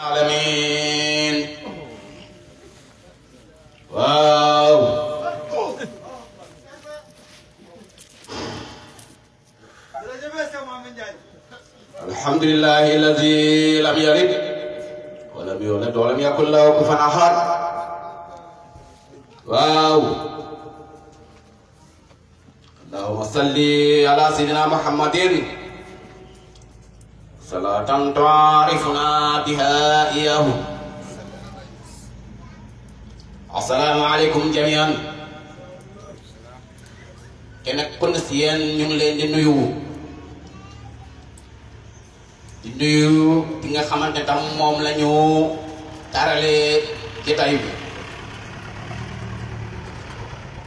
العالمين واو الحمد لله الذي لم يلد ولم يولد ولم يكن له كفا احد واو اللهم صل على سيدنا محمد Salatan tu'arifuna biha iyahu Assalamualaikum jami'an Kena kun siyan lain len di nuyu Di nuyu tinggal khaman tetam mom lanyu Tarale kita ibu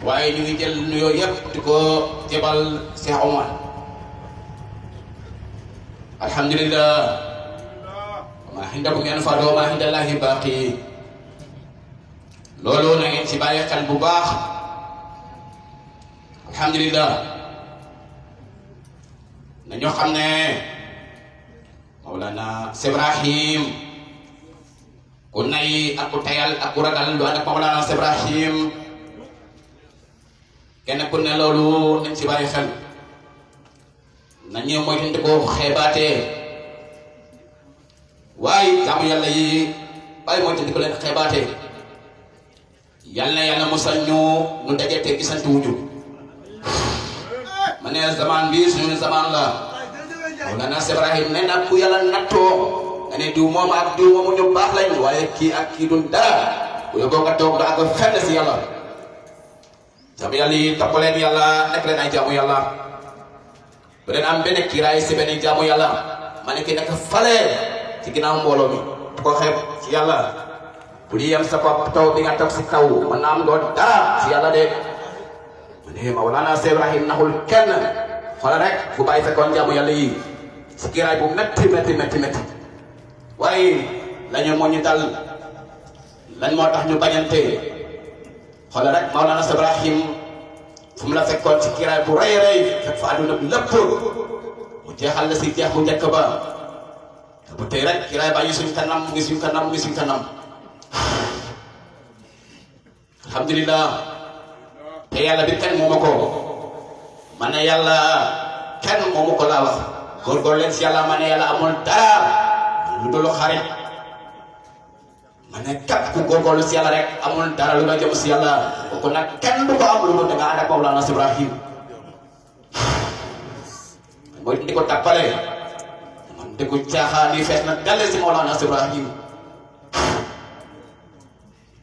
waye ñu ngi jël nuyo yépp diko jébal cheikh Alhamdulillah. Ma hinda bu ngeen fa do ma hinda Allah baqi. Lolo na ngeen ci baye xal bu baax. Alhamdulillah. Na ñu xamne Maulana Ibrahim ko nay ak ko tayal ak ko ragal do ak Maulana Ibrahim kenn ko ne lolu ci baye xal moy tan ko xeebaatee way jaamu yalla yi bàyyi moytante ko leen xeebaatee yàlla yàlla musal ñu nu dajete gisante wuju ma zaman bi suñu zaman la Mawlana Ibrahim ne na ko yalla natto nga du mom ak du mom ñu bax lañ waye ki ak ki duñ dara ku yóbboo nga tok da ko fenn ci yalla jaamu yalla yi tappaleen yalla nek leen ay jamu yalla ren am kira kiraay si benn jamu yàlla ya ma nekk nekk fale ci ginnaaw mbooloo mi ko xeeb ya ci yàlla bu di yem sa ko taw bi nga toog si taw mën am god dara si yàlla de mu ne Mawlana Ibrahim nahul ken xoolal rek fu bàyyi fekkoon jaamu yàlla ya yi si kiraay bu metti metti metti metti waaye lañu moo dal lan moo tax ñu bañante xoolal rek Ibrahim fu mu la fekkoon ci kiraay bu rey rey fekk fa àdduna bi lépp mu jeexal la si jeex bu ba bu tey rek kiraay baa ngi suñ kanam mu ngi suñ kanam mu ngi suñ kanam alhamdulilah te yàlla bi kenn moomu ko ma ne yàlla kenn moomu ko laa wax leen si yàlla ma ne yàlla amul dara lu dul xarit mané kat ku gorgolu si rek amul dara lu la jëm si ko nak kenn du ko am lu da nga ada maulana ibrahim moy ndiko tapalé man diko tiaxali fess na dalé ci maulana ibrahim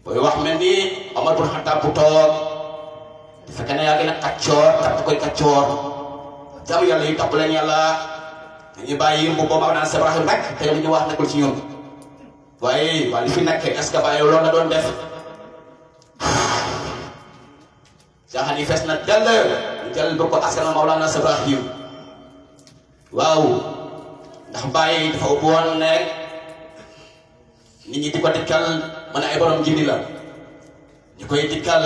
boy wax melni omar bin khattab bu tok fekkene yaagi nak kacior tap koy kacior jam yalla ya, yi tapalé yalla ñi bayyi mbu bo maulana ibrahim rek té ñu wax nakul ci ñun waaye waa li fi nekkee est-ce que baa yow loolu la doon def caaxaan yi fees na dell ñu jël ba ko askan Maulana Ibrahim waaw ndax bàyyi dafa ubbi woon ne nit ñi di ko dikkal mën ay borom jindi la ñu koy dikkal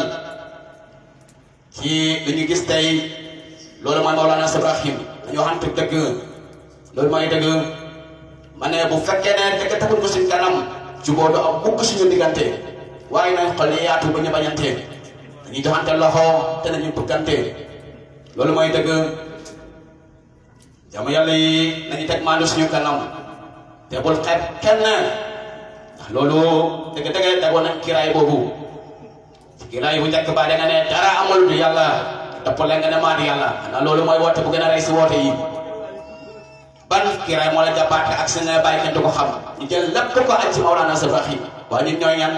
ci li gis tey loolu mooy Maulana Ibrahim dañoo xam te dëgg loolu mooy dëgg ma ne bu fekkee ne fekk taxul ko suñ kanam juboo du am mukk suñu diggante waaye nañ xol yi yaatu ba ñu bañante dañuy joxante loxo te nañu bëggante loolu mooy dëgg jaamu yàlla yi nañu teg maandu suñu kanam te bul xeeb kenn ndax loolu dëgg-dëgg dagoon ak kiraay boobu kiraay bu njëkk ba da nga ne dara amul du yàlla dëppale nga ne maa di yàlla xanaa loolu mooy woote bu gën a rey si woote yi ban kiray mo la jappat ak sa ngay bàyyi kenn du ko xam ñu jël lepp ko aj ci mawlana sa faxi waa ñun ñooy ñan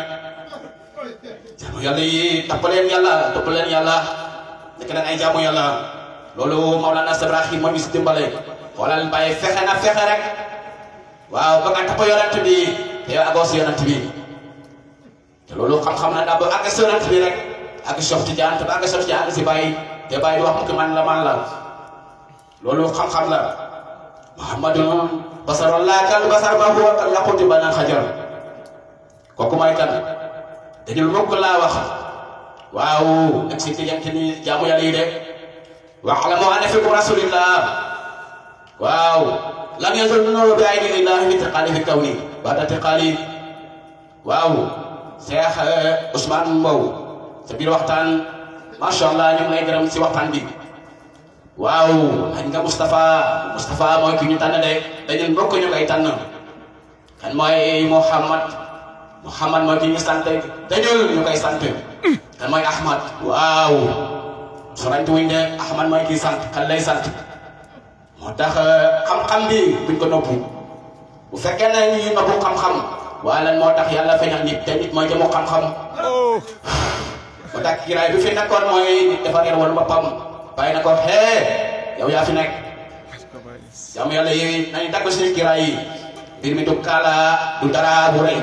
jamu yalla yi tapaleen yalla tapaleen yalla nek na ay jamu yalla lolu mawlana sa faxi moo ñu si dimbale xoolal ya, bàyyi na fexé rek waaw ba nga tapo yonent bi yow ak si yonent bi te lolu xam-xam na daa ba àgg si yonent bi rek ak Cheikh Tidiane jant ba àgg Cheikh ak si baye te baye wax ko man la man la lolu xam-xam la muhammadun basarullah kal basar ma huwa kal laquti banal xajar kooku mooy kan dañul mukk laa wax waaw ak si tijaan ci ni jaamu yàlla yi de wa'lamu anna fiikum rasulillah waaw lam yazul nuru bi ayni lillahi intiqali fi kawni ba'da intiqali waaw Cheikh eh, Ousmane Mbow sa biir waxtaan macha allah ñu ngi lay gërëm si waxtaan bi waaw xañ nga Moustapha Moustapha mooy ki ñu tànn de dañu mbokk ñu koy tànn kan mooy Mouhamad Mouhamad mooy ki ñu sant dañul ñu koy sant kan mooy Ahmad waaw sorante wuñ de Ahmad mooy ki sant kan lay sant moo tax euh, xam-xam bi buñ ko noppi bu fekkee ne ñi noppu xam-xam waa lan moo tax yàlla feñal nit te nit mooy jëmu xam-xam oh. moo tax kiraay bi fi nekkoon mooy dafa réer woon boppam bàyyi na ko hee yow yaa fi nekk jaamu yàlla nañu dagg suñu kiraay yi mi du kaala du dara bu rëy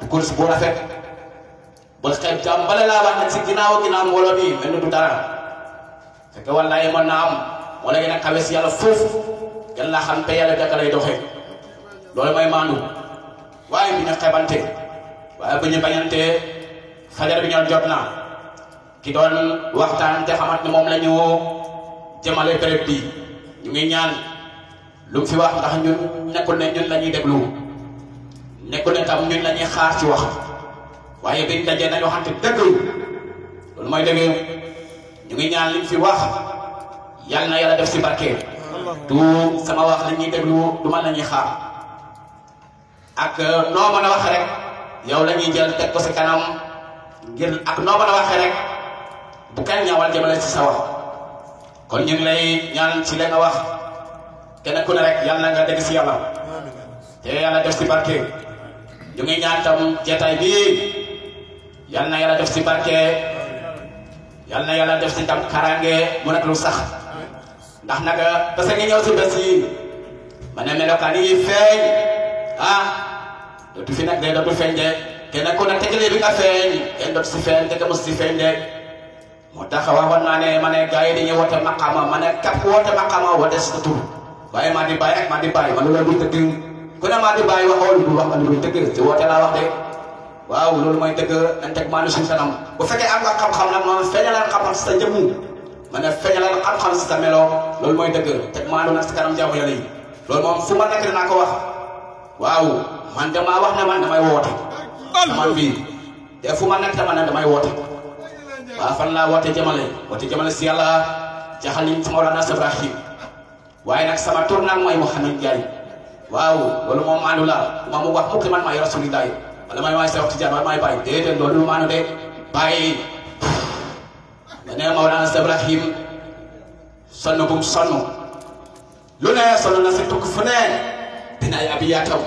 du course bu rafet bul xeeb jaam bale laa wax nag si ginnaaw ginnaaw mbooloo bi mel ni du dara fekk wallaahi mën naa am wala gën a kawe si yàlla foofu xam te yàlla jàkka lay doxee loolu mooy maandu waaye bu ñu xeebante waaye bu ñu bañante fajar bi ñoo jot naa ki doon waxtaan te xamat ne moom la ñu jëmale béréb bi ñu ngi ñaan lu fi wax ndax ñun nekkul ne ñun lañuy déglu nekkul ne tam ñun lañuy xaar ci wax waye biñ dajé nañu waxante dëgg lu may dëgg ñu ngi ñaan li fi wax yalla na yalla def ci barké du sama wax lañuy déglu du man la xaar ak no mëna wax rek yow lañuy jël tek ko ci kanam ngir ak no mëna wax rek bu kan ñawal jëmale ci sa wax kon ñu lay ñaan ci la nga wax kenn ku ne rek yalla nga dégg ci yalla te yalla def ci barke ñu ngi ñaan tam jetaay bi yalla yalla def ci barke yalla yalla def ci tam karange mu nak lu sax ndax naga ba sa ngi si ci bassi mané ne melokaan yi feeñ ah dootu fi nag tu dootu feeñ de kenn ko nak tegale bi nga feñ kenn do si feñ te ka mos si de moo tax waxoon naa ne ma ne gars yi dañuy woote maqaama ma ne képp woote maqaama woote sa tur waaye maa di bàyyi rek maa di bàyyi ma ne di bàyyi waaw loolu mooy dëgg nañ teg maa ne suñu sanam bu fekkee am nga xam-xam nag moom feeñalal xam si sa jëmm ma ne feeñalal xam-xam si sa melo loolu mooy dëgg teg maa ne nag si kanam jaamu yàlla yi loolu moom fu ma nekk dinaa ko wax waaw man damaa wax na man damay woote. man bii te fu ma nekk dama ne damay woote waa fan laa woote jamale woote jamale si yàlla ci xalim ci waaye nag sama tur nag mooy Mouhamed Ndiaye waaw loolu moom maandu la ma mu wax mukk man maay rasulillahi wala may maay Seex Tijaan wala maay bàyyi déedéet loolu lu maandu de bàyyi nga ne Mawlana Ibrahim sonn bu mu lu ne sonn na si tukk fu ne dina ay abiyaatam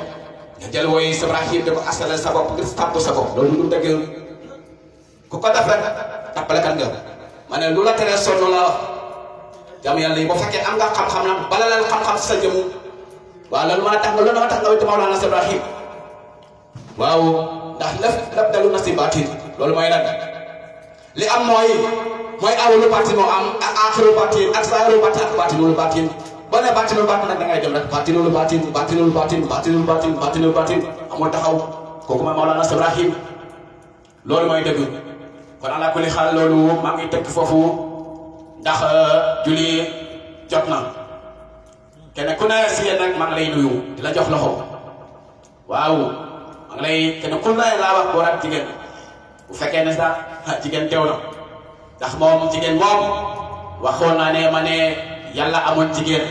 nga jël wooyu Ibrahim da ko asale sa bopp ngir tàbb sa bopp loolu du dëgg ku ko def tappalekat nga ma ne lu la teree sonn la wax jam yàlla yi bu fekkee am nga xam-xam nag bala leen xam-xam si sa jëmu waaw loolu mën a tax nga loolu mën a tax nga wetu Mawlana Seydou Ibrahim waaw ndax lëf lëf dalu na si baatin loolu mooy lan li am mooy mooy awalu baatin moo am ak aaxiru baatin ak saaru baatin ak baatinul baatin boo nee baatinul baatin nag da ngay jëm rek baatinul baatin baatinul baatin baatinul baatin baatinul baatin amul taxaw kooku mooy Mawlana Seydou Ibrahim loolu mooy dëgg kon ala kulli xaal loolu maa ngi teg foofu ndax euh, julli jot na kenn ku ne si nag maa lay nuyu di la jox loxo waaw maa lay kenn ku ne laa wax góor jigéen bu fekkee ne sax jigéen teew na ndax moom jigéen moom waxoon naa ne ma ne yàlla amoon jigéen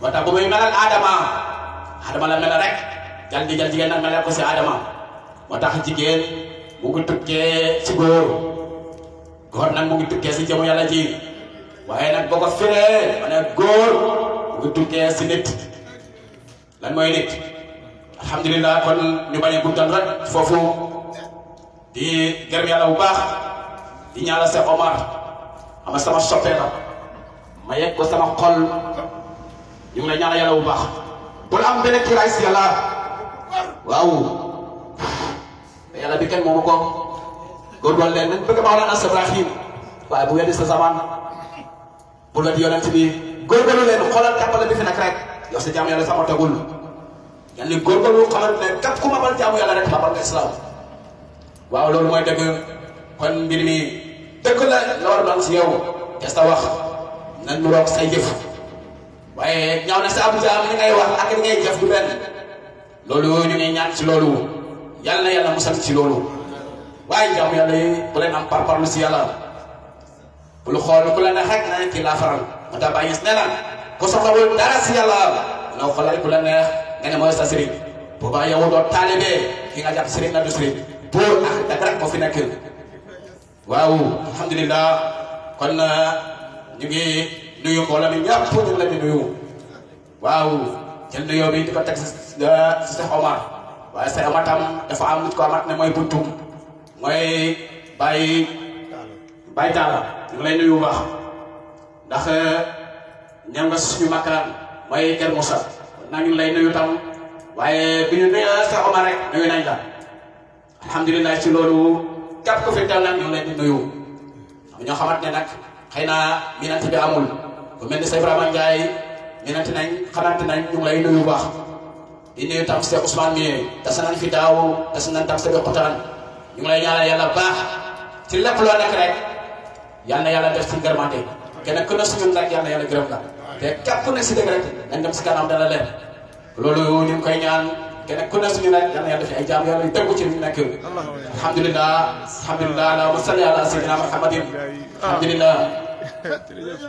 moo tax bu muy melal Adama Adama la mel rek jal di jal jigéen nag melal ko si Adama moo tax jigéen. mu ngi tukkee ci góor góor nag mu ngi tukkee si jëmu yàlla ji waaye nag boo ko firee ma ne góor mu ngi tukkee si nit lan mooy nit alhamdulilah kon ñu bari a guddal rek foofu di gërëm yàlla bu baax di ñaanal Cheikh Omar ama sama soppee ma yegg ko sama xol ñu ngi lay ñaanal yàlla bu baax bul am benn kiraay si yàlla waaw yalla bi kenn momu ko góorgóorlu len nañ bëgg Mawlana Cheikh Ibrahim waaye bu weddi sa zaman bu la di yonent bi góorgóorlu len xolal jàppale bi fi nak rek yow ya, sa jamm jaamu yàlla sama yalla yàlla góorgóorlu xamal len kat ku mabal jamm yalla rek mabal nga islam waaw lool moy dëgg kon mbir mi dëgg la la war a doon yow te sa wax nañ mu roog say jëf waye ñaw na sa abou jamm ni ngay wax ak ni ngay jëf du ben lolu ñu ngi ñaan ci lolu yalla yalla musal ci lolu waaye jamu yalla yi bu len am par par si yalla nah, bu lu xol ko la na rek na ne kii laa faral ma daa bàyyi nee na ku soxlawul dara ci yalla na xol ko la neex nga ne sa sa bu ba yow ya do taalibe ki nga japp sëriñ na do sëriñ bo ak ah, da rek ko fi nekk waaw alhamdullilah kon na ñu ngi nuyu ko la mi ñëpp ya, ñu la di nuyu waaw jël nuyoo bi di ko teg si Cheikh Omar waaye say amatam dafa am nit ko amat ne mooy buntum mooy bàyyi bàyyi taala ñu ngi lay nuyu bu baax ndax eh, ñam nga suñu makkaan mooy Kër Moussa lay nuyu tam waaye bi ñu nuyu sa Omar rek nuyu nañ la alhamdulilah ci loolu képp ku fi teew nag ñu lay di nuyu ne nag xëy na minante di nuyu tam Seex Ousmane mi tasa nañ fi daaw tasa nañ tam Seex Xotaan ñu ngi lay ñaanal yàlla baax ci lépp loo nekk rek yal na yàlla def ci ngërmande ku ne suñu nag yal na yàlla gërëm la te képp ku ne si dëgg rek nañ dem si kanam dana leen loolu ñu ngi koy ñaan kenn ku ne suñu nag yal na yàlla def ay jaam yàlla yu tegu ci ñu nekk alhamdulilah alhamdulilah allahumma salli ala sayyidina muhammadin alhamdulilah